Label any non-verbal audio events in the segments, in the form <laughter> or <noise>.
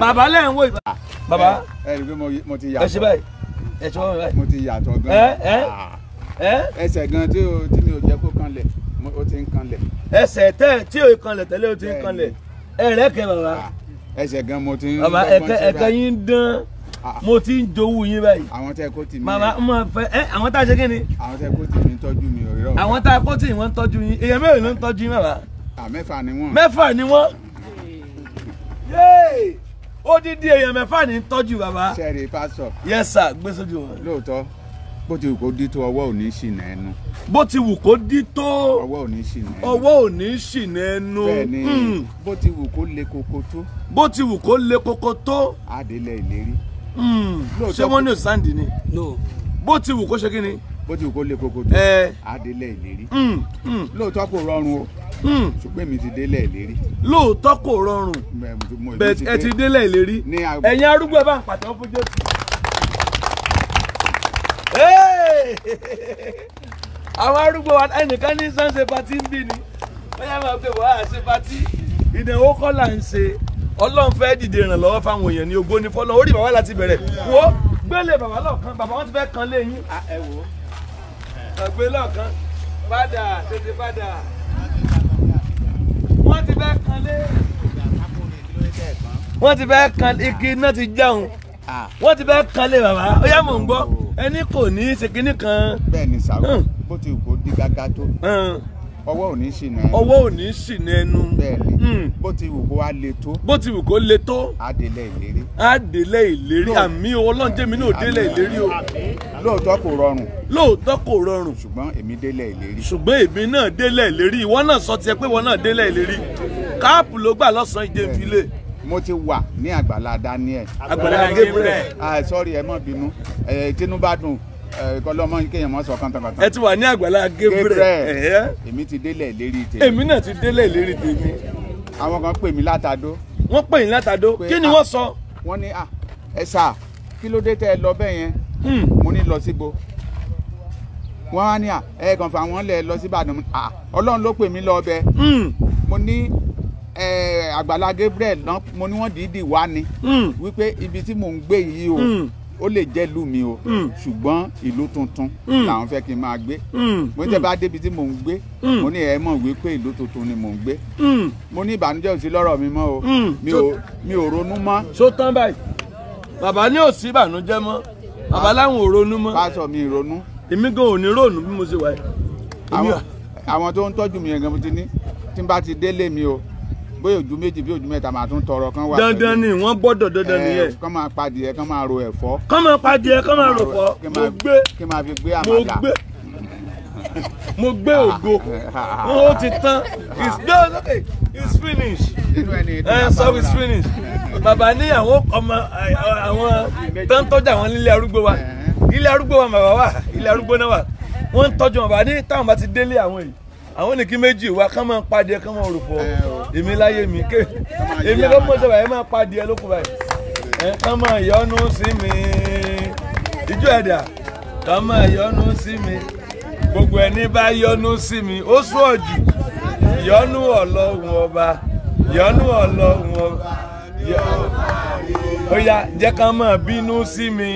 bàbá lẹ́ ń wò ìbá. bàbá ẹ rí pé mo ti yàtọ̀ ẹ ṣe báyìí ẹ ṣe báyìí. mo ti yàtọ̀ gan. ẹ ẹ ah. ẹ. ẹsẹ̀ gan tí o tí mi ò jẹ́ kó kanlẹ̀ o ti ń kanlẹ̀. ẹsẹ̀ tẹ tí o kanlẹ̀ tẹ́lẹ̀ o ti ń kanlẹ̀ ẹ rẹ kẹ bàbá. Ah. ẹsẹ̀ gan mo ti ń. bàbá ẹkẹ ẹkẹ yín dán ah. mo ti ń jowú yín báyìí. àwọn tẹ kó tì mí. bàbá mo fẹ ẹ àwọn tá a ṣe kí ni. àwọn tẹ kó tì mí tọ́jú mi òrírọ̀. àwọn tá a kó tì mí wọ́n tọ́jú yín èèyàn mélòó ló ń tọ́jú yín bàbá. mẹ́fà ni wọ́n. mẹ́fà ni wọ́n. yéè odidi èèyàn mẹ́fà ní tọ́jú bàbá. sẹ́ẹ̀rì pásítọ̀. yes sir gbé sójú wọn. lóòótọ́ bó ti wù kó dí tó ọwọ́ ò ní ṣìnà ẹnu. bó ti wù kó dí tó ọwọ́ ò ní ṣìnà ẹnu. ọwọ́ ò ní ṣìnà ẹnu. bẹ́ẹ̀ni hmm. bó ti wù kó le koko tó. bó ti wù kó le koko tó. adelẹ ìlérí. Hmm. ṣé wọn ní òsàǹdì ni. no. bó ti wù kó ṣe kí ni bójú kó lè koko tó adélẹ̀ hmm, hmm. hmm. ìlérí lóòótọ́ kò rọrùn o ṣùgbọ́n èmi ti délẹ̀ ìlérí. lóòótọ́ kò rọrùn ẹ ti délẹ̀ ìlérí ẹ̀yin arúgbó ẹ bá ń pàtẹ́wọ́ fún Jésù. <laughs> àwọn arúgbó wa ẹnìkan ní sánsẹ pati ń bí ni wọ́n yá máa pè wá àṣẹ pati ìdánwò kọ́ ń ṣe ọlọ́run fẹ́ dìde ìrànlọ́wọ́ fáwọn èèyàn ní ògo ní fọlọ́ orí bàbá láti bẹ̀rẹ̀ wo gbélé bàbá lọ́ọ̀kan bàbá wọn ti fẹ́ kan lé yín àgbé lọ́kàn padà tètè padà wọ́n ti fẹ́ kanlé wọ́n ti fẹ́ kan igi iná ti jáun wọ́n ti fẹ́ kanlé bàbá ó yá mò ń gbọ́ ẹni kò ní í ṣe kinní kan. bẹ́ẹ̀ ni bó ti kò di gàgà tó ọwọ́ ò ní ṣìnà ẹnu ọwọ́ ò ní ṣìnà ẹnu bẹ́ẹ̀ni hmm. bó ti wù kó wá le tó bó ti wù kó le tó àdèlẹ̀ ìlérí àdèlẹ̀ ìlérí àmì ọlọ́njẹ́mi náà délẹ̀ ìlérí o lóòótọ́ kò rọrùn lóòótọ́ kò rọrùn ṣùgbọ́n èmi délẹ̀ ìlérí ṣùgbọ́n èmi náà délẹ̀ ìlérí ìwọ náà sọ tiẹ̀ pé ìwọ náà délẹ̀ ìlérí káàpù ló gbà lọ́sàn-án ìjẹ́filé mo ti wà ní àgbàlá Daniel àgbàlá Gabriel ah sorry ẹ má bínú ẹ eh, tinúbádùn kọlọmọ kéèyàn mọ sọ kàntàkàntà. ẹ ti wà ní àgbàlá Gabriel. èmi ti délẹ̀ lérí tèmi. èmi náà ti délẹ̀ lérí tèmi. àwọn kan pè mí látàdó. wọ́n pè yín látàdó kí ni wọ́n ah, sọ. wọ́n ní ah, ẹ sà kí ló dé tẹ́ ẹ lọ bẹ́ẹ̀ yẹn. Hmm. mo ní lọ síbo wọ́n á ní à ah, ẹ kàn fà wọ́n lẹ̀ lọ sí Ìbàdàn à Ọlọ́run ló pè mí lọ ọbẹ̀ hmm. mo ní Àgbàlá Gabriel mo ní wọ́n dìídì wá ni hmm. wípé ibi tí mò ń gbé yìí o ó lè jẹ́ ìlú mi o hmm. ṣùgbọ́n ìlú tuntun hmm. làwọn fẹ́ kí n máa gbé hmm. mo ní tẹ́ bá débi tí mò ń gbé mo ní ẹ mọ̀ wí pé ìlú tuntun ni mò ń gbé mo ní ìbànújẹ́ òsì lọ́rọ̀ mi mọ́ o mi ò ronú mọ́. so tán báyìí bàbá ní òsì ìbànújẹ́ mọ́ bàbá láwọn ò ronú mọ́. pásọ mi ronú. èmi gan ò ní ronú bí mo ṣe wà yìí. àwọn tó ń tọ́jú mi yẹn gan mo ti ní tí n bá ti délé mi o bóyá ojú méjì bí ojú mẹ́ta máa tún tọrọ kan wà. dandan ni wọ́n gbọ́dọ̀ dandan eh, ni yẹ. kán máa padìẹ kán máa ro ẹ̀fọ́. kán máa padìẹ kán máa ro ẹ̀fọ́ mo gbé kí máa fi gbé àmàlà mo gbé mo gbé ògo wọn <laughs> ó ti tán it's done okay it's finished ẹ eh, it's finished bàbá ní ọmọ eh, àwọn tó ń tọ́jú àwọn nílé arúgbó wa ilé arúgbó wa bàbá wa ilé arúgbó náà wa wọ́n ń tọ́jú wọn bàbá ní táwọn bá ti délé àwọn yìí àwọn nìkí méjì wa ká máa padì ẹ ká máa rò pọ̀ èmi láyé mi ké èmi ló mọ̀ sọ̀rọ̀ ẹ máa padì ẹ lókùn báyìí ẹ ká máa yọnu sí mi ìjọ ẹ̀dà ká máa yọnu sí mi gbogbo ẹni bá yọnu sí mi ó sún ọ̀jù yọnu ọlọ́run ọba yọnu ọlọ́run ọba ó yá jẹ́ ká máa bínú sí mi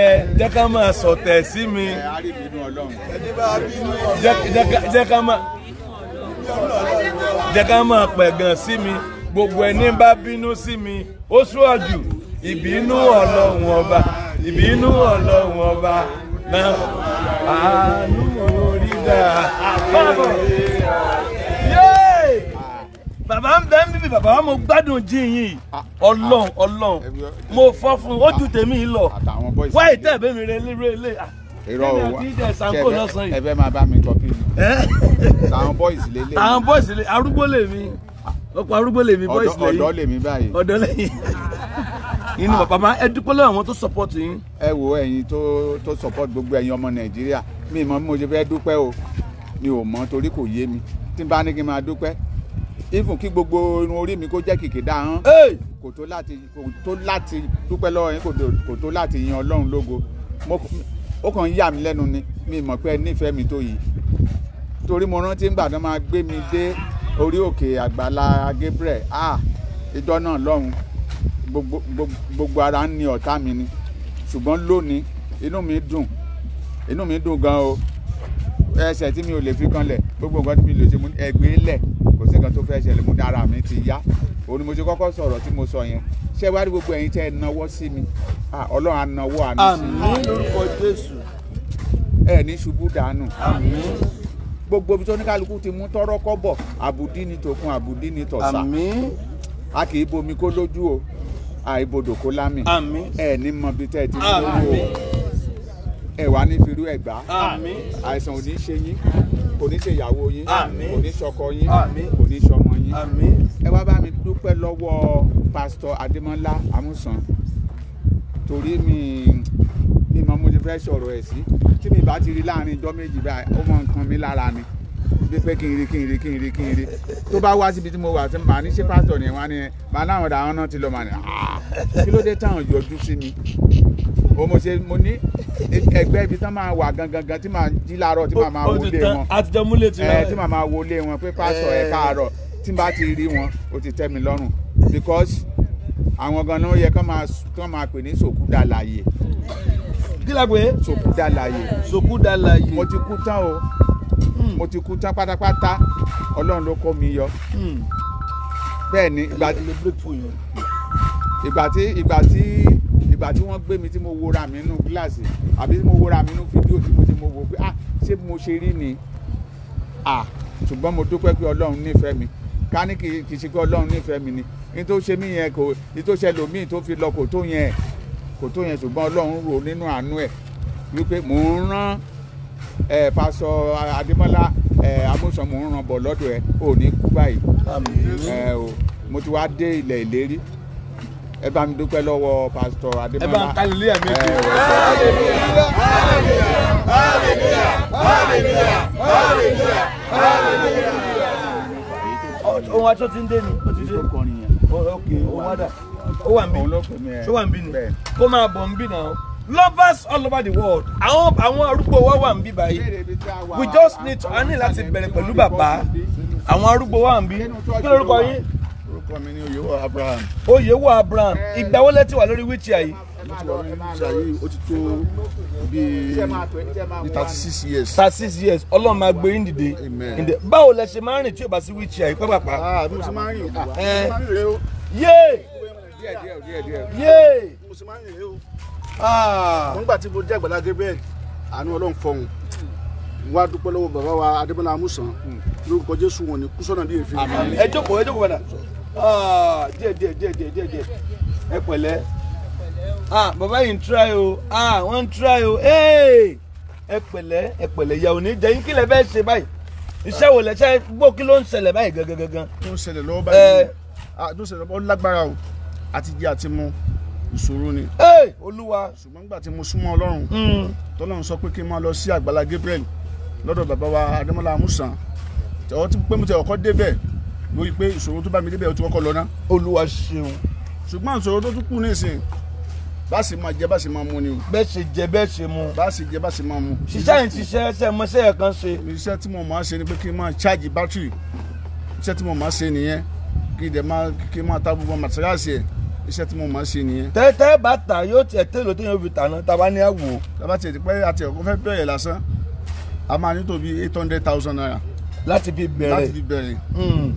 ẹ jẹ́ ká máa sọ̀tẹ̀ sí mi jẹ́ ká máa máa pẹ̀gàn sí mi gbogbo ẹni bá bínú sí mi ó ṣúọ̀jù ìbínú ọlọ́run ọba ìbínú ọlọ́run ọba náà àánú orí dáa bàbá ń bẹ ń bíbí bàbá mo gbádùn jíyìn ah, ọlọ́run ah, ọlọ́run mo fọ́ fún ó ju ah, tèmi lọ wáyé tẹ̀ bẹ́ẹ̀ mi rẹ lérè lé irọ́ o wa ṣe ẹ fẹ́ máa bá mi kọpí ni tàwọn bọ́ìsì lè lè tàwọn bọ́ìsì lè arúgbó lè mi ọ̀pọ̀ arúgbó lè mi bọ́ìsì lè yín ọ̀dọ́ lè mi báyìí ọ̀dọ́ lè yín inú bàbá ẹ dúpẹ́ lọ́wọ́ àwọn tó support yín. ẹ wo ẹ̀yin tó tó support gbogbo ẹ̀yin ọmọ nàìjíríà mi mọ̀ mo ṣe fẹ́ dúpẹ́ o mi ò mọ̀ torí kò yé mi tí n bá ní kí n máa dúpẹ́ even kí gbogbo irun orí mi kó jẹ́ kìkìdá hàn kò tó láti kò tó láti dúpẹ́ lọ́wọ́ yín kò tó láti yan ọlọ́run lógo ó kàn ń yà mí lẹ́nu ni mi mọ̀ pé nífẹ̀ẹ́ mi tó yìí torí mo rántí ńgbà tó máa gbé mi dé orí òkè àgbàlá Gabriel ah ìjọ náà lọ́hùn gbogbo ara ń ni ọ̀tá mi ni ṣùgbọ́n lónìí inú mi dùn inú mi dùn gan o ẹsẹ̀ tí mi ò lè fi kanlẹ̀ gbogbo nǹkan tí mi lè ṣe mú ẹgbẹ́ lẹ̀ sí nǹkan tó fẹ́ ṣẹlẹ̀ mo ní mi ti yá òun ni mo ti kọ́kọ́ sọ̀rọ̀ tí mo sọ yẹn ṣé wàá rí gbogbo ẹ̀yin tẹ́ ẹ náwó sí mi ọlọ́run á náwó sí mi. àmín lórúkọ jésù. ẹ ní ṣubú dànù. àmín gbogbo ibi tó ní kálukú ti mú tọrọ kọ́bọ̀ àbùdí ni tòkun àbùdí ni tọ̀sà. àmín a kì í bomi kó lójú o àìbodò kó lámì. àmín ẹ ní mọ ibi tẹ́ ẹ ti ń lójú o ẹ wà ní firú ẹ̀gbá. àìsàn ò ní ṣe yín kò ní ṣe ìyàwó yín kò ṣọkọ yín kò ṣọmọ yín ẹ wá bá mi dúpẹ́ lọ́wọ́ pásítọ̀ adémọ́lá amúsàn torí mi mi mọ mo ti fẹ́ sọ̀rọ̀ ẹ̀ sí tí mi bá ti rí láàrin ijọ́ méjì báyìí ó mọ nǹkan mi lára ni bí pé kí n rí kí n rí kí n rí kí n rí tó bá wá síbi tí mo wà tí màá ní ṣe pásítọ̀ ni wọ́n á ní màá láwọn ọ̀dà àwọn ti lọ màá ní ah, kí ló dé táwọn yọjú sí mi o mo ṣe mo ní ẹgbẹ́ ibi tán máa wà gangan tí màá jí láàárọ̀ tí màá máa wọlé wọn àtijọ́ múlẹ̀ tí wọ́n tí màá máa wọlé wọn pé pásọ̀ ẹ̀ káàárọ̀ tí n bá ti rí wọn ó ti tẹ́ mi lọ́rùn because àwọn ganan yẹ kán máa kán máa pè ní sòkúdà láàyè. kí la pè é. sòkúdà láàyè. sòkúdà láàyè. mo ti kú tán o hmm. mo ti kú tán pátápátá ọlọ́run ló kó mi yọ. Hmm. bẹ́ẹ̀ ni ìgbà tí ìgbà tí ìgbà tí wọ́n gbé mi tí mo wora mi nínú gíláàsì àbí tí mo wora mi nínú fídíò tí mo ti mo wò pé ah ṣé mo ṣe rí ni ah ṣùgbọ́n mo dúpẹ́ pé ọlọ́run nífẹ̀ẹ́ mi ká ní kì í ṣe pé ọlọ́run nífẹ̀ẹ́ mi ni ní tó ṣe mí yẹn kò ní tó ṣe lòmíì tó fi lọ kò tó yẹn kò tó yẹn ṣùgbọ́n ọlọ́run rò nínú àánú ẹ̀ wípé mò ń rán ẹ pásọ adémọ́lá ẹ amúsàn mò ń ràn bọ̀ lọ́dọ̀ ẹ ò kú báyìí ẹ o mo ti wá dé ilẹ̀ ìlérí ẹ bá mi dúpẹ́ lọ́wọ́ pásítọ̀ adémọ́lá. ẹ bá ń kalẹ̀ lé ẹ̀mí ètò. hallelujah hallelujah hallelujah hallelujah hallelujah. ohun aṣọ ti ń dé ni ó ti dé ok ó wá dà ó wà ń bí ó wà ń bí ni kó máa bọ̀ ń bí náà lovers all over the world àwọn àwọn arúgbó wa wà ń bí báyìí we just need to a ní láti bẹ̀rẹ̀ pẹ̀lú bàbá àwọn arúgbó wa ń bí kí lórúkọ yín orúkọ mi ni oyèwọ abraham. oyèwọ abraham ìgbà wo lẹ ti wà lórí wheelchair yìí. mo ti wà lórí wheelchair yìí ó ti tó bíi thirty six years. thirty six years ọlọ́run máa gbé yín dìde. ǹdẹ báwo lẹ ṣe máa ń rìn tí o bá sí wheelchair yìí pápápá. ah mo ti máa ń rìn ah, ẹ yé yé mo ti máa ń rìn o. mo nígbà tí mo jẹ́ àgbàlá gabriel àánú ọlọ́run fọ̀hún wá dúpẹ́ lọ́wọ́ bàbá wa adébọ́lá amúsàn hmm. lórúkọ jésù wọn ni kúsọ́nà bíi èéfín. ẹ jókòó ẹ jókòó padà. Ah, díẹ̀ díẹ̀ díẹ̀ díẹ̀ díẹ̀ díẹ̀ ẹ pẹ̀lẹ́ ah Baba yìí ń try o ah wọ́n ń try o ẹ pẹ̀lẹ́ ẹ pẹ̀lẹ́ ìyàwó ní jẹ́yìn kí lẹ fẹ́ ṣe báyìí iṣẹ́ wo lẹ́sẹ̀ gbọ́ kí ló ń ṣẹlẹ̀ báyìí gangan gangan. tó ń ṣẹlẹ̀ lọ́wọ́ báyìí tó eh. ah, ń ṣẹlẹ̀ lọ́wọ́ lágbára o àti jẹ àti mu ìṣòro ni. olúwa. ṣùgbọ́n nígbà tí mo súnmọ́ ọlọ́run hmm. tọ́lọ́run sọ pé kí n máa lọ sí àgbàlá Gabriel lọ́dọ̀ bàbá wa Adémọ́lá Amusan tẹ̀wọ́ pé mo tẹ̀ ọkọ́ débẹ̀ mo rí i pé ìṣòro tó bá mi débẹ̀ ó ti kọ́kọ́ lọ ná olúwa ṣeun ṣùgbọ́n ìṣòro tó tún kù ní bá sì máa jẹ bá sì máa mu ni o. bẹ́ẹ̀ ṣe jẹ bẹ́ẹ̀ ṣe mu. bá sì jẹ bá sì máa mu. ṣiṣẹ́ yìí ti ṣe ẹsẹ̀ mọ́ṣẹ́ ẹ̀ kan ṣe. iṣẹ́ tí mo máa ṣe ni pé kí n máa ṣáàjì bátìrì iṣẹ́ tí mo máa ṣe nìyẹn kí n máa ta gbogbo màtíráàsì ẹ̀ iṣẹ́ tí mo máa ṣe nìyẹn. tẹ́tẹ́ bá tà yóò tiẹ̀ tẹ́lò tó yẹn fi tà náà tàbá ní àwò. tàbá tiẹ̀ ti pẹ́ àti ọ̀kọ́ fẹ́ bẹ̀rẹ̀ lásán a máa ní tó bí eight hundred thousand naira. láti fi bẹ̀rẹ̀ láti fi bẹ̀rẹ̀. Hmm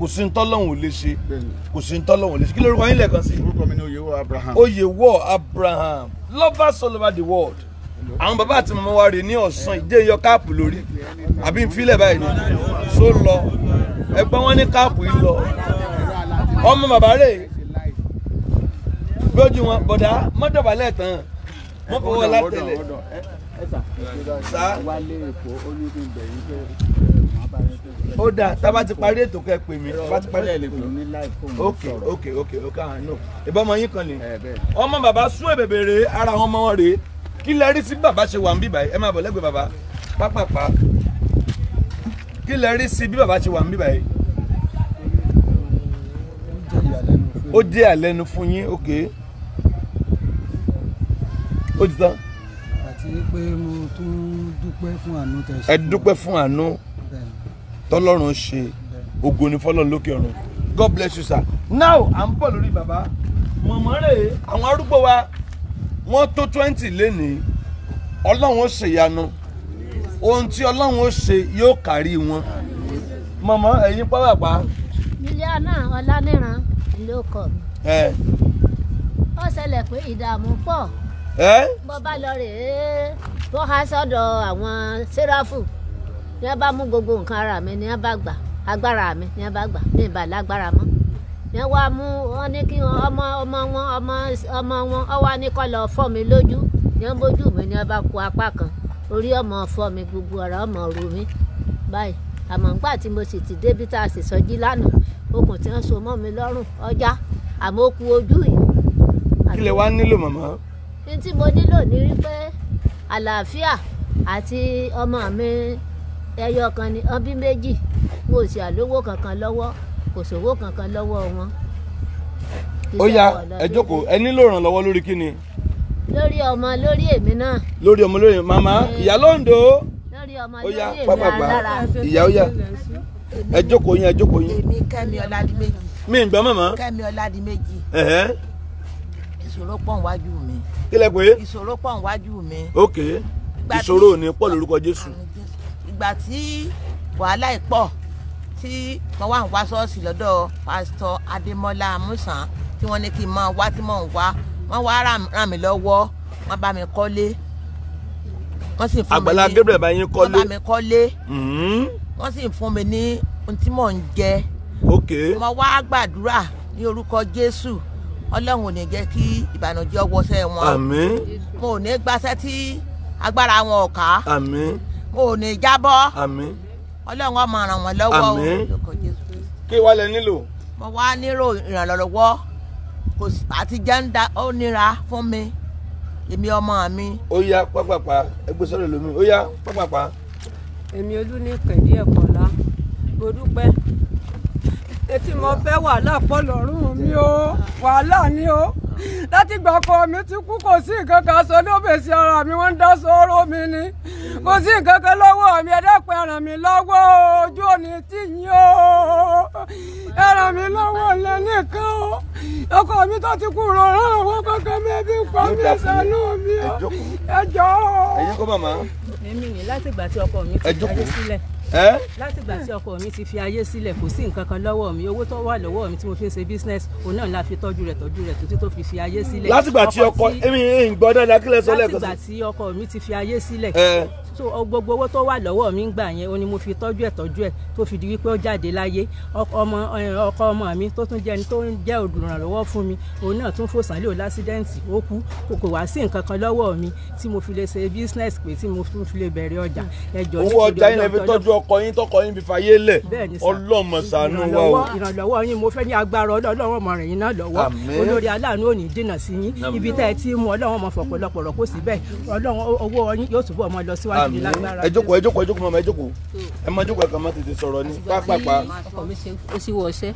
kò sí ntọ́lọ́hún lè ṣe kò sí ntọ́lọ́hún lè ṣe kí lórúkọ yín lẹ́ẹ̀kan sí. orúkọ mi ni oyèwọ abraham. oyèwọ abraham lovers all over the world àwọn bàbá àti màmá wa rè ní ọ̀sán ìdí ẹ̀yọ káàpù lórí àbí nfilẹ̀ báyìí ni so lọ ẹgbẹ́ wọn ní káàpù yìí lọ ọmọ bàbá rè lójú wọn bọ̀dá mọ́dọ̀bálẹ̀ tán wọ́n fọwọ́ látẹ̀lẹ̀. sá ó dáa tá a bá ti parí ètò kẹ pè mí bá ti parí ètò pè mí ok ok ok ok àwọn no ìbọn ọmọ yín kan ni ọmọ bàbá sún èbèbè rèé ara àwọn ọmọ wọn rèé kí lẹ rí sí bàbá ṣe wà ń bíbà yìí ẹ máa bọ̀ lẹ́gbẹ̀ẹ́ bàbá pápápá kí lẹ rí sí bí bàbá ṣe wà ń bíbà yìí. ó jẹ́ àlẹ́nu fún yín ok ó ti tán. àti pé mo tún dúpẹ́ fún àánú tẹ̀sán. ẹ dúpẹ́ fún àánú tọ́lọ́run ṣe ògo ni fọ́lọ́run lókè ọ̀run god bless you sir now à ń bọ̀ lórí bàbá mọ̀mọ́ rè é àwọn arúgbó wa wọ́n tó twenty lénìí ọlọ́run ó ṣèyanu ohun tí ọlọ́run ó ṣe yóò kárí wọn mọ̀mọ́ ẹ̀yin pápá. mílíọ̀nù ọ̀lànìràn ló kọ̀ mí. ó ṣẹlẹ̀ pé ìdààmú pọ̀ bó bá lọ rèé bó há sọ́dọ̀ àwọn sẹ́ráfù ní wọ́n bá mú gbogbo nǹkan ara mi ní wọ́n bá gbà agbára mi ní wọ́n bá gbà ní ìbà lágbára mọ́ ní wọ́n wá mú wọn ní kí wọn ọmọ ọmọ wọn ọmọ ọmọ wọn ọ wá ní kọ́ lọ fọ́ mi lójú ní wọ́n bójú mi ní wọ́n bá kó apá kan orí ọmọ fọ́ mi gbogbo ara ọmọ ru mi báyìí àmọ́ ńgbà tí mo sì ti débi tá a sì sọjí lánàá okùn tí wọ́n so mọ́ mi lọ́rùn ọjà àmọ́ ó ku ojú yìí. kí lẹ wá nílò màmá. ní tí mo nílò ní wípé àlàáfíà àti ọmọ mi ẹyọ kan ni ọbí méjì wọn ò sì àlówó kankan lọ́wọ́ kò sówó kankan lọ́wọ́ wọn. ó yá ẹ jókòó ẹ nílò ìrànlọ́wọ́ lórí kí ni. lórí ọmọ lórí èmi náà. lórí ọmọ lórí màmá eh. ìyá lóńdó. lórí ọmọ lórí èmi alára. ìyá ó yá ẹ jókòó yín ẹ jókòó yín. èmi Kẹ́mi Ọládìméjì. mi ń gbọ́ màmá. Kẹ́mi Ọládìméjì. ìṣòro pọ̀ níwájú mi. kílẹ̀ pé. ìṣòro pọ̀ níwájú mi. ok ìṣòro ò ní pọ̀ lórúkọ Jésù ìgbà tí wàhálà ìpọ̀ tí mo wá ń wá ṣọ́ọ̀ṣì lọ́dọ̀ pásítọ̀ Adémọ́lá Amúsàn tí wọ́n ní kí n máa wá tí mò ń wá wọ́n wá ràn mí lọ́wọ́ wọ́n bá mi kọ́lé wọ́n sì fún mi ní wọ́n bá mi kọ́lé mm-hmm. wọ́n sì fún mi ní ohun tí mò ń jẹ mo wá gbàdúrà ní orúkọ Jésù Ọlọ́run ò ní jẹ́ kí ìbànújẹ́ ọwọ́sẹ̀ wọn mo ò ní gbaṣẹ́ tí agbára wọn ò ká kò ní jábọ́ àmín ọlọ́run ọmọ ràn wọ́n lọ́wọ́ o àmín kí wàá lẹ nílò. mo wá nílò ìrànlọ́wọ́ kò sí àti jẹ́ńdà ó nira fún mi èmi ọmọ mi. ó yá pápápá ẹgbẹ́ sọ́dọ̀ lómi ó yá pápápá. èmi olúnikẹ̀ díẹ̀ kọ́lá mo dúpẹ́ etí mo fẹ́ wàhálà pọ̀ lọ́rùn mi o wàhálà ni o láti gbà ọkọ mi ti kú kò sí nǹkan kan sọ ní òbèsì ara mi wọ́n ń dá sọ́ọ́rọ́ mi ni kò sí nǹkan kan lọ́wọ́ mi ẹ̀dẹ́pẹ́ ràn mí lọ́wọ́ ojú òní tí yín o ràn mí lọ́wọ́ lẹ nìkan o ọkọ mi tó ti kú ràn ràn kankan mi ẹbí pa mí ẹ̀sánú mi o ẹ jọ̀ọ́. ẹ̀yin kọ́ màmá. mímì ní láti tí ọkọ mi ti dájú sílẹ̀ látìgbà tí ọkọ mi ti fi ayé sílẹ̀ kò sí nǹkan kan lọ́wọ́ mi owó tó wà lọ́wọ́ mi tí mo fi ń ṣe business òun náà la fi tọ́jú rẹ̀ tọ́jú rẹ̀ títí tó fi fi ayé sílẹ̀. látìgbà tí ọkọ èmi ń gbọ́ dáadáa kílẹ̀ sọ lẹ́ẹ̀kan sí. látìgbà tí ọkọ mi ti fi ayé sílẹ̀ so gbogbo owó tó wà lọ́wọ́ mi ń gbà yẹn òun ni mo fi tọ́jú ẹ̀ tọ́jú ẹ̀ tó fi di wípé ó jáde láyé ọmọ ọkọ ọmọ mi tó tún jẹ́ ẹni tó ń jẹ́ olùrànlọ́wọ́ fún mi òun náà tún fò sálẹ̀ ò lásídẹ́ǹtì ó kú kò wá sí nǹkan kan lọ́wọ́ mi tí mo fi lè ṣe business pé tí mo fi lè bẹ̀rẹ̀ ọjà ẹjọ́ nítorí ọjọ́ ọkọ yín tọkọ yín fi fàyè lẹ̀ ọlọ́mọ ṣàánú wa o. ìrànlọ́wọ́ yín mo fẹ́ ní agbára ọlọ́run ọmọ rẹ̀ yín náà lọ́wọ́ olórí aláàánú ò ní sí yín ibi tẹ́ ẹ ti mú ọlọ́run ọmọ fọ̀pọ̀lọpọ̀ rọ̀ kó síbẹ̀ ọlọ́run owó yín yóò túbọ̀ máa lọ síwájú ní lágbára. ẹ jókòó ẹ jókòó ẹ jókòó mama ẹ jókòó ẹ máa jókòó ẹ kàn máa tètè sọ̀rọ̀ ní pápápá. ọkọ mi ṣe wọ ọṣẹ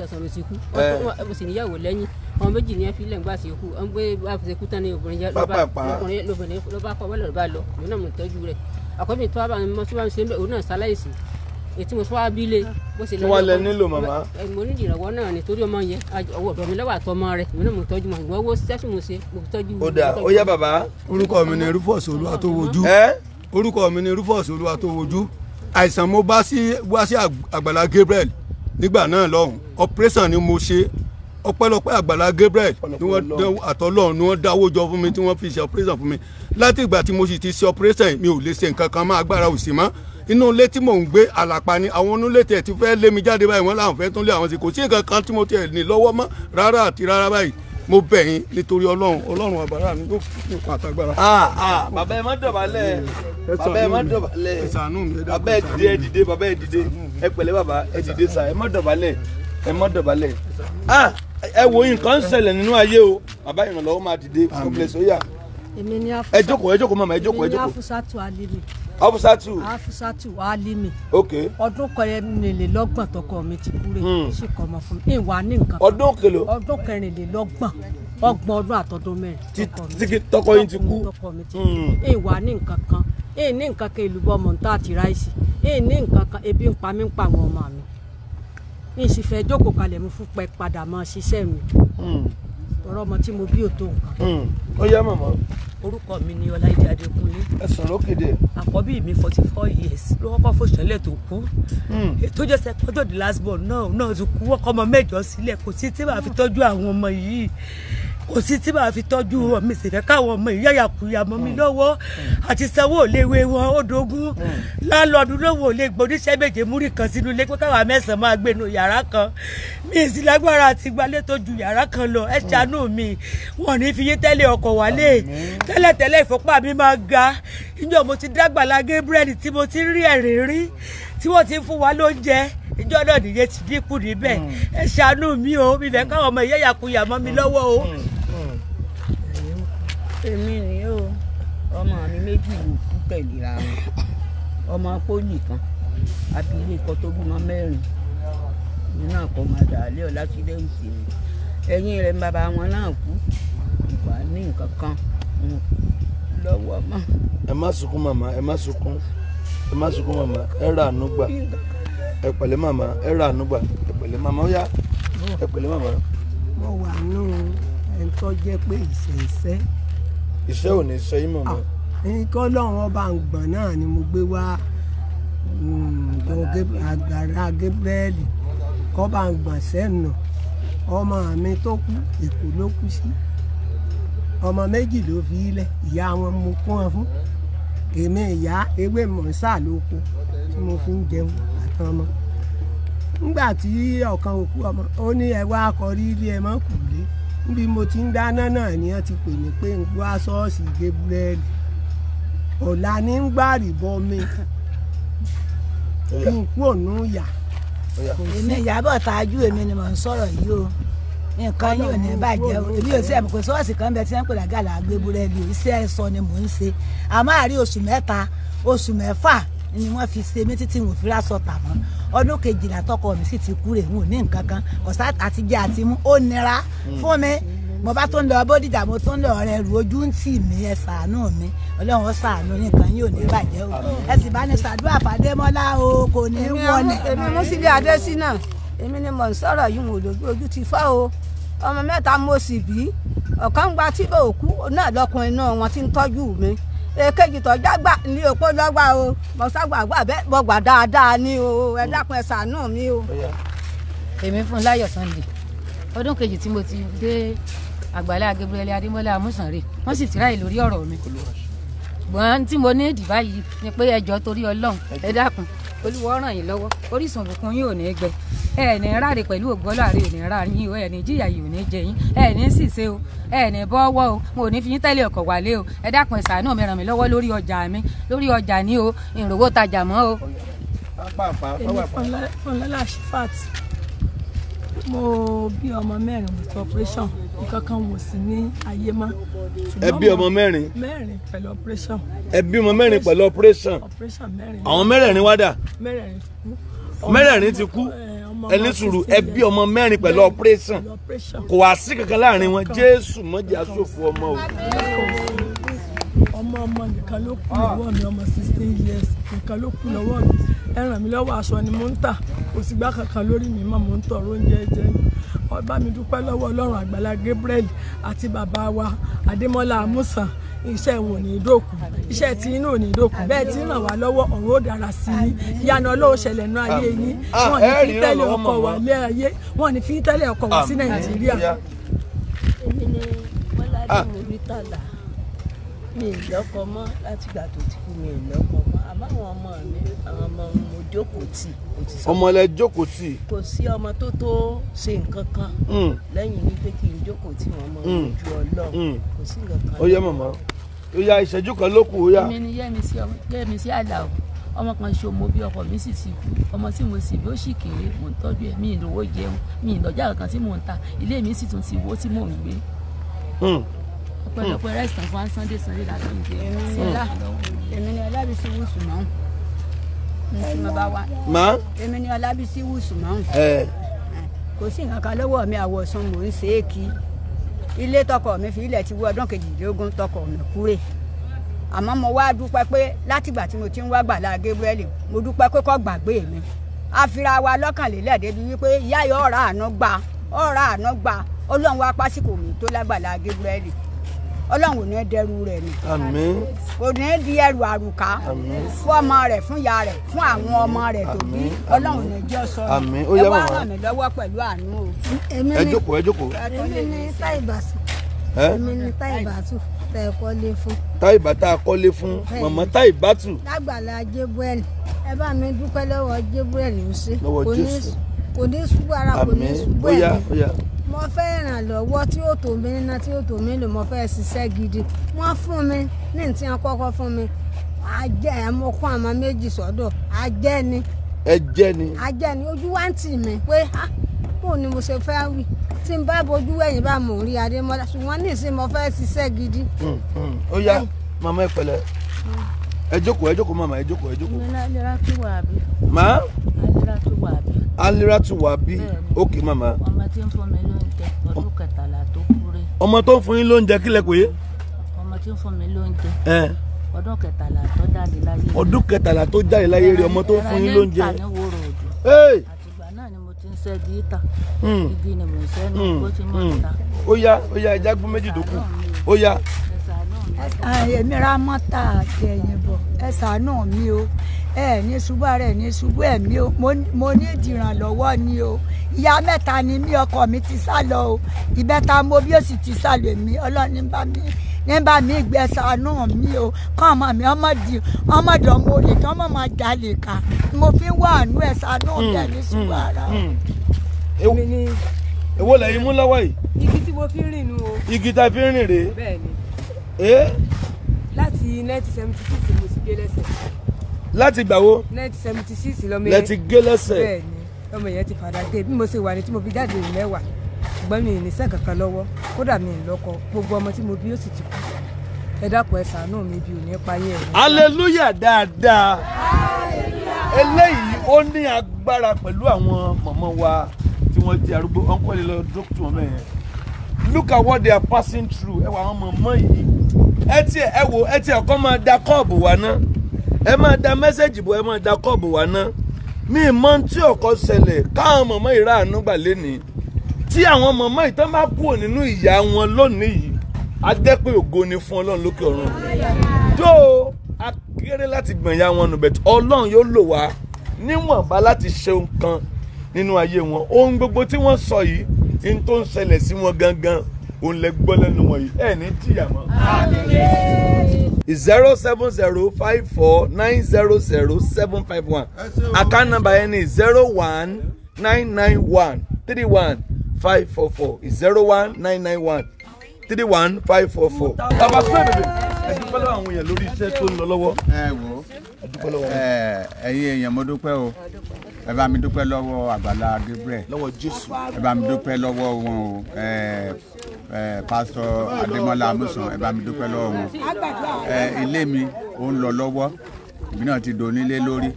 and ṣekú mo sì níyàwó lẹ́yìn àwọn méjì ní ẹ fi lẹ́yìn gbà ṣekú ọmọ bá ṣekú tán ní obìnrin ló bá kọ́ wọ́n lọ́ọ́ bá lọ òun náà mo tọ́jú rẹ̀ àkọ́bí tó bá mo tó bá ń ṣe bẹ́ẹ̀ òun náà ṣaláìsì ètí mo tó wá bí lé bó ṣe lọ́wọ́ kí wọ́n lẹ nílò màmá. mo ní ìrànwọ́ náà nítorí ọmọ yẹn ọwọ́ ọ̀dọ̀ mi lọ́wọ́ àtọmọ rẹ̀ èmi náà mo tọ́jú mọ̀ ìwọ owó sẹ́sì mo ṣe mo tọ́jú. ó dà ó yá bàbá. orúkọ mi ni Rufus Olúwatówojú orúkọ mi ni Rufus Olúwatówojú àìsàn mo bá sí wá sí Àgbàlá Gabriel nígbà náà lọ́hùn operation ni mo ṣe ọpẹ́lọpẹ́ àgbàlá Gabriel ni wọ́n àtọlọ́run ni wọ́n dáwọ́ jọ fún mi tí wọ́n fi ṣe operation fún mi láti ìgbà tí mo sì ti ṣe operation mi ò lè ṣe nǹkan kan máa gbára òsì mọ́ inú ilé tí mò ń gbé àlàpà ni àwọn onílé tẹ̀ ti fẹ́ lé mi jáde báyìí wọ́n láwọn fẹ́ tún lé àwọn sí kò sí nǹkan kan tí mo tiẹ̀ ní lọ́wọ́ mọ́ rárá àti rárá báyìí mo bẹ̀ yín nítorí ọlọ́run ọlọ́run àbára mi yóò fún ìpà àtàgbára. bàbá ẹ má dọ̀bálẹ̀ bàbá ẹ má dọ̀bálẹ̀ bàbá ẹ dìde ẹ dìde bàbá ẹ dìde ẹ pẹ̀lẹ́ bàbá ẹ dìde sà ẹ má dọ̀bálẹ̀ ẹ má dọ̀bálẹ̀. ẹ wo nǹkan nínú ayé o bàbá ìrànlọ́wọ́ máa dìde complex ó ẹ jókòó mama ẹ jókòó ẹ afusatu afusatu. alimi. ọdún kẹrìnlélọ́gbọ̀n tọkọ mi ti kúrè. ṣe hmm. kọ́ ọmọ fún mi ìwà ní nǹkan. ọdún kẹlò. ọdún kẹrìnlélọ́gbọ̀n ọgbọ̀n ọdún àtọ́dún mẹ́rin. tọkọ mi ti kan hmm. nǹkan kan ìlú bọ́ ráìsì ebi mi sì fẹ́ jókòó kalẹ̀ mo fún pẹ́ padà mọ́ ṣiṣẹ́ mi hmm. ọ̀rọ̀ ọmọ tí mo bí ò nǹkan. Hmm. ó yá màmá. orúkọ mi ni ọláìdé adékúnlé. ẹ sọ̀rọ̀ kéde. àkọ́bí mi forty four years ló kọ́kọ́ fòṣẹ́lẹ̀ tó kú. Hmm. ètò jẹ́ sẹ́kọ́tọ̀ the last born náà náà ti kú ọkọ ọmọ mẹ́jọ sílẹ̀ kò sí tí màá fi tọ́jú àwọn ọmọ yìí kò sí tí màá fi tọ́jú ọmọ ìṣẹ̀fẹ́ káwọn ọmọ ìyá yàkúyà mọ́ mi lọ́wọ́ àti sanwó òléwé wọn ó dogun láńlọ́ọ̀dù òlé gbòdíṣẹ́ méje múrí kan sínú ilé pé káwọn mẹ́sàn máa gbénu yàrá kan mi ì lágbára àti gbalẹ̀ tó ju yàrá kan lọ ẹ ṣàánú mi wọn ní fi yín tẹ́lẹ̀ ọkọ̀ wálé tẹ́lẹ̀tẹ́lẹ̀ ìfọ́pá mi máa ga ìjọ mo ti dágbàlá Gabriel tí mo ti rí ẹ̀rín rí tí wọ́n ti fún wa lóúnjẹ ìjọ náà nìyẹn ti dínkù níbẹ̀ hmm. ẹ ṣàánú mi o mi fẹ́ káwọn ọmọ ìyá ìyàkuyà mọ́ mi lọ́wọ́ o. Hmm èmi ni o ọmọ mi méjì ló kú tẹ̀léra wọn ọmọ pọ́lì kan abilé kan tó bímọ mẹ́rin nínú àkọ́mọdà alẹ́ ọ̀la sílẹ̀ òsì ni ẹ̀yìn rẹ̀ bàbá wọn náà kú ìwà ní nǹkan kan lọ́wọ́ mọ́. ẹ má sunkún màmá ẹ má sunkún ẹ má sunkún màmá ẹ rà àánú gbà ẹ pẹ̀lẹ́ màmá ẹ rà àánú gbà ẹ pẹ̀lẹ́ màmá ó yá ẹ pẹ̀lẹ́ màmá. mo wà nù ẹ̀ ń tọ́jẹ́ pé ìṣẹ̀ṣẹ́ iṣẹ́ ò ní ṣe yín mọ̀ mọ́. nǹkan ah, lọ́run ọba ǹgbọ̀n náà ni mo gbé wá mm, àgbàrá Gabrieli kọ́ba ǹgbọ̀n sẹ́nu ọmọ mi tó kú Èkó ló kú sí ọmọ méjì ló fi ilẹ̀ ìyá wọn mo kún wọn fún èmi ìyá ewé mọ̀ọ́sà ló kú tí mo fi ń jẹun àtàn ọmọ nígbà tí ọ̀kan òkú ọmọ ó ní ẹ wá akọrí ilé ẹ mọ́ kù níbi mo ti ń dáná náà ni wọ́n ti pè mí pé ń gbọ́ ṣọ́ọ̀ṣì Gabriel ọ̀la ní ń gbàrìbọ mi kí n kú ònú yà. èmi ìyàbọ̀ tajú èmi ni mò ń sọ̀rọ̀ yìí o nǹkan yóò ní bàjẹ́ o èmi ò sí ẹ̀mí pé ṣọ́ọ̀ṣì kan bẹ tí wọ́n ń pè lágàlà Gabriel iṣẹ́ sọ ni mò ń ṣe àmọ́ àrí oṣù mẹ́ta oṣù mẹ́fà ni wọ́n fi ṣe mí títí wò fi rásọ̀ tà mọ́ ọdún kejìlá tọkọ mi sì ti kú rè ń ò ní nǹkan kan ọ̀sá àtijẹ àti mú ó nira mm. fún mi mo bá tó ń lọ bódìjà mo tó ń lọ rẹ rù ojú ń tì mí ẹ ṣàánú mi ọlọ́run ó ṣàánú nìkan yóò ní bàjẹ́ o ẹ sì bá ní ṣàdúrà fàdémọ́lá o kò ní wọlé. èmi mú síbi adésínà èmi ni mò ń sọ̀rọ̀ yìí wò lójú ojú ti fọ́ o ọmọ mẹ́ta mo sì bí ọ̀kan gba tí òkú náà lọ́kùnrin náà wọn ti ń tọ́jú mi èkejì tọ́já gbà ní òpó lọ́gbà o mo ságbà bẹ́ẹ̀ mo gbà dáadáa ni o ẹ dákun ẹ mi o. èmi fún láyọ̀ Sunday ọdún kejì tí mo ti dé àgbàlá Gabriel Adémọ́lá amúsànrè wọ́n sì tíráì lórí ọ̀rọ̀ mi ṣùgbọ́n tí mo ní ìdìbà yìí ni pé ẹjọ́ torí Ọlọ́run ẹ olúwa ràn yín lọ́wọ́ orísun òkun yín ò ní gbẹ ẹ ní ráre pẹ̀lú ògbọ́láre ò ní ra yín o ẹ ní jìyà yìí ò ní jẹ yín ẹ ní ṣìṣe o ẹ ní bọ́wọ́ o mo ò ní fi yín tẹ́lẹ̀ ọkọ̀ wálé o ẹ dákun ẹ ṣàánú mi ràn mí lọ́wọ́ lórí ọjà mi lórí ọjà ni o ìrówó tajà mọ́ o. èmi fọlẹ́lá ṣífàtì mo bí ọmọ mẹ́rin with operation nǹkan kan wò sí ní ayé mọ́. ẹ bí ọmọ mẹ́rin. mẹ́rin pẹ̀lú operation. ẹ bí ọmọ mẹ́rin pẹ̀lú operation. operation mẹ́rin. àwọn mẹ́rẹ̀ẹ̀rin wá dà. mẹ́rẹ̀ẹ̀rin kú. mẹ́rẹ̀ẹ̀rin ti kú ẹni sùúrù ẹbí ọmọ mẹ́rin pẹ̀lú operation kò wá sí kankan láàrin wọn jésù mọ́jì asòfò ọmọ o. ọmọ ọmọ nìkan ló kù lọ́wọ́ mi ọmọ sixteen years nìkan ló kù lọ́wọ́ mi ẹ ràn mí lọ́wọ́ aṣọ ni mò ń tà kò sì gbá kankan lórí mi mọ́ mò ń tọrọ oúnjẹ jẹ ni ọba mi dúpẹ́ lọ́wọ́ ọlọ́run àgbàlá Gabriel àti bàbá wa Adémọ́lá Amusan iṣẹ́ wọn ò ní dòkú iṣẹ́ tí inú ò ní dòkú bẹ́ẹ̀ tí ń ràn wá lọ́wọ́ ọ̀run ó dára sí i ìyanu ọlọ́run ṣẹlẹ̀ náà ayé yín wọ́n ní ah, fi tẹ́lẹ̀ ọkọ̀ wá lé ayé wọ́n ní fi tẹ́lẹ̀ ọkọ̀ wá sí Nàìjíríà. èmi ni Bọ́lá dé mi rí tàlà mi ì lọ́kọ mọ́ látìgbà tó ti kú mi ì lọ́kọ mọ́ àmọ́ àwọn ọmọ mi àwọn ọmọ mo jókòó tì. ọmọ lẹ jókòó tì. kò sí ọmọ tó tó ṣe nǹkan kan hmm. lẹ́yìn wípé kí n jókòó tì wọ́n mọ́ ojú hmm. ọlọ́run hmm. kò sí nǹkan kan. ó yẹ màmá ó yá ìṣẹ́jú kan ló kù ó yá. èmi ni yẹ́mi sí o ọmọ kan ṣe ọmọ bí ọkọ mi sì ti kú ọmọ tí mo sì bí ó sì kéré mò ń tọ́jú ẹ̀ mi ìlówó jẹun mi ìlọ́jà kankan tí mò ń ta ilé mi sì tún ti wó tí mò ń gbé ọ̀pọ̀lọpọ̀ hmm. rẹ̀ sàn fún Sunday Sunday dàtọ̀ ǹjẹ́ èmi ni hmm. Ọlábísí Wùsùmọ́hùn mọ. èmi ni Ọlábísí Wùsùmọ́hùn kò sí nǹkan kan lọ́wọ́ mi àwọ̀sán mò ń ṣe é kí ilé tọkọ mi fi ilẹ̀ ti wú ọdún kejìlélógún tọkọ mi kúrè àmọ́ mo wá dúpẹ́ pé látìgbà tí mo ti ń wá gbàlá Gabriel mo dúpẹ́ pé kó gbàgbé mi àfira wa lọ́kànlélẹ̀ débi wípé ìyá yọ ọ̀rá àná gba ọ̀rá àná gba ọlọ́run wa pásíkò mi tó lágbàlá Gabriel ọlọ́run ò ní dẹrù rẹ̀ nù. kò ní di ẹrù àrùká. fún ọmọ rẹ̀ fún ìyá rẹ̀ fún àwọn ọmọ rẹ̀ tó bí ọlọ́run ò ní jẹ́ sọ. ẹ wá ràn mí lọ́wọ́ pẹ̀lú àánú o. ẹ jókòó ẹ jókòó. èmi ni táìbàsù. èmi ni táìbàsù tẹ ẹ kọ́lé fún. táìbà tá a kọ́lé fún mọ̀mọ́ táìbàtù. lágbàlá jébúrẹ́lì ẹ bá mi dúpẹ́ lọ́wọ́ jébúrẹ́lì ń ṣe kò ní mo fẹ́ ràn lọ́wọ́ tí ó tó mi níná tí ó tó mi lò mo fẹ́ ṣiṣẹ́ gidi wọ́n fún mi ní tí wọ́n kọ́kọ́ fún mi ajẹ́ mo kọ́ àwọn méjì sọ́dọ̀ ajẹ́ ni. ẹ jẹ́ ni. ajẹ́ ni ojú wa ń tì mí pé bó ni mo ṣe fẹ́ wí tí n bá bojú ẹ̀yìn bá mò ń rí adémọ́lá ṣùgbọ́n ní mo fẹ́ ṣiṣẹ́ gidi. Hmm, hmm. ó yá màmá ẹ ẹ jókòó ẹ jókòó màmá ẹ jókòó ẹ jókòó aliratu wabi ok mama. ọmọ tí ń fún mi lóúnjẹ ọdún kẹtàlá tó kúrè. ọmọ tó ń fún yín lóúnjẹ kílẹ̀ kò yé. ọmọ tí ń fún mi lóúnjẹ. ọdún kẹtàlá tó jáde láyé rí. ọdún kẹtàlá tó jáde láyé rí ọmọ tó ń fún yín lóúnjẹ. ẹran ní ìta àtìgbà náà ni mo ti ń ṣe di ìta. Hmm. ni mo ń ṣe ní hmm. bó ti mọ̀ hmm. ìta. ó yá ó yá ẹja gbọ́ méjì tó kù ó yá. èmi ra mi o ẹ ní ṣubú ara ẹ ní ṣubú ẹ̀mí o mo ní ìdìrànlọ́wọ́ ni o ìyá mẹ́ta ni mí ọkọ mi ti sá lọ o ìbẹ́ta mo bí ó sì ti sá lọ èmi ọlọ́ni bá mi nígbà mí gbẹ̀sánú mi o kọ́ ọmọ mi ọmọdé ọmọdé ọmọ òde tí ọmọ máa jalè ká mo fi wá àánú ẹ̀ sánú hmm, ọ̀dẹ ní ṣubú hmm, ara o. Hmm. Ewo lẹ́yìn mú lọ́wọ́ yìí. igi tí mo fi rìn nu o. igi tá a fi rìn rèé. bẹ́ẹ̀ni. láti nineteen seventy six mo ti gé lẹ́sẹ̀ láti ìgbà wo. nineteen seventy six lọ́mọ yẹn lẹ́tí gé lẹ́sẹ̀. bẹ́ẹ̀ni ọmọ yẹn ti fàdà dé bí mo ṣe wà ní tí mo fi jáde rìn mẹ́wàá ṣùgbọ́n mi ì ní sẹ́ẹ̀ kankan lọ́wọ́ kódà mi ì lọ́kọ gbogbo ọmọ tí mo bí ó sì ti kú ẹ dákun ẹ ṣàánú mi bí ò ní payé hallelujah dáadáa eléyìí ó ní agbára pẹ̀lú àwọn mọ̀mọ́ wa tí wọ́n di arúgbó ọ̀nkọ́ lè lọ dókítà wọn bẹ́ẹ̀ look at what they are passing through ẹ wà àwọn mọ̀mọ́ yìí ẹ tiẹ̀ ẹ wò ẹ tiẹ̀ kọ́ máa da kọ́ọ̀bù wa náà ẹ máa da mẹ́sẹ̀gì bò ẹ máa da kọ́ọ̀bù wá ná mi mọ tí ọkọ ṣẹlẹ̀ káwọn mọ̀mọ́ ìráàánú gbà lẹ́ni tí àwọn mọ̀mọ́ ìtàn bá kúrò nínú ìyá wọn lónìí yìí adẹ́pẹ́ ògo ni fún ọlọ́run lókè ọ̀run tó akéré láti gbọ̀nyà wọn nù bẹ̀tẹ̀ ọlọ́run yóò lò wá níwọ̀nba láti ṣe nǹkan nínú ayé wọn ohun gbogbo tí wọ́n sọ yìí ní tó ń ṣẹlẹ̀ sí wọn gangan òun lẹ gbọ́ lẹ́nu wọ̀nyí ẹ̀ ní jìyà mọ́. zero seven zero five four nine zero zero seven five one account number yẹn ni zero one nine nine one three one five four four zero one nine nine one three one five four four. bàbá fún ẹ̀bẹ̀bẹ̀ dúpẹ́ lọ́wọ́ àwọn èèyàn lórí iṣẹ́ tó ń lọ lọ́wọ́. ẹ wo ẹ̀yin èèyàn mo dúpẹ́ o ẹ bá mi dúpẹ́ lọ́wọ́ àgbàlá Gabriel lọ́wọ́ Jésù ẹ bá mi dúpẹ́ lọ́wọ́ wọn o pásítọ̀ Adémọ́lá Amusan ẹ bá mi dúpẹ́ lọ́wọ́ wọn ilé mi ò ń lọ lọ́wọ́ ìbí náà ti donílé lórí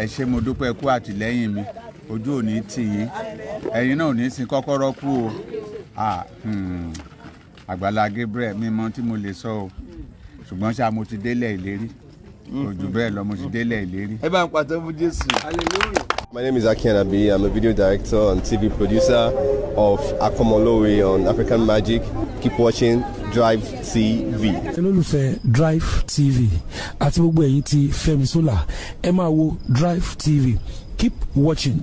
ẹ ṣé mo dúpẹ́ kú àtìlẹ́yìn mi ojú ò ní tì yín ẹ̀yin náà ò ní sin kọ́kọ́rọ́ kú o hmm, àgbàlá Gabriel mi mọ tí mo lè sọ o ṣùgbọ́n ṣá mo ti délẹ̀ ìlérí ojú bẹ́ẹ̀ lọ mo ti délẹ̀ ìlérí. ẹ bá ń pàtó fún jésù. My name is Aki Anabi. I'm a video director and TV producer of Akomolowe on African Magic. Keep watching Drive TV. olólùfẹ́ Drive TV àti gbogbo ẹ̀yin tí Fẹ́mi Sola ẹ máa wo Drive TV. Keep watching.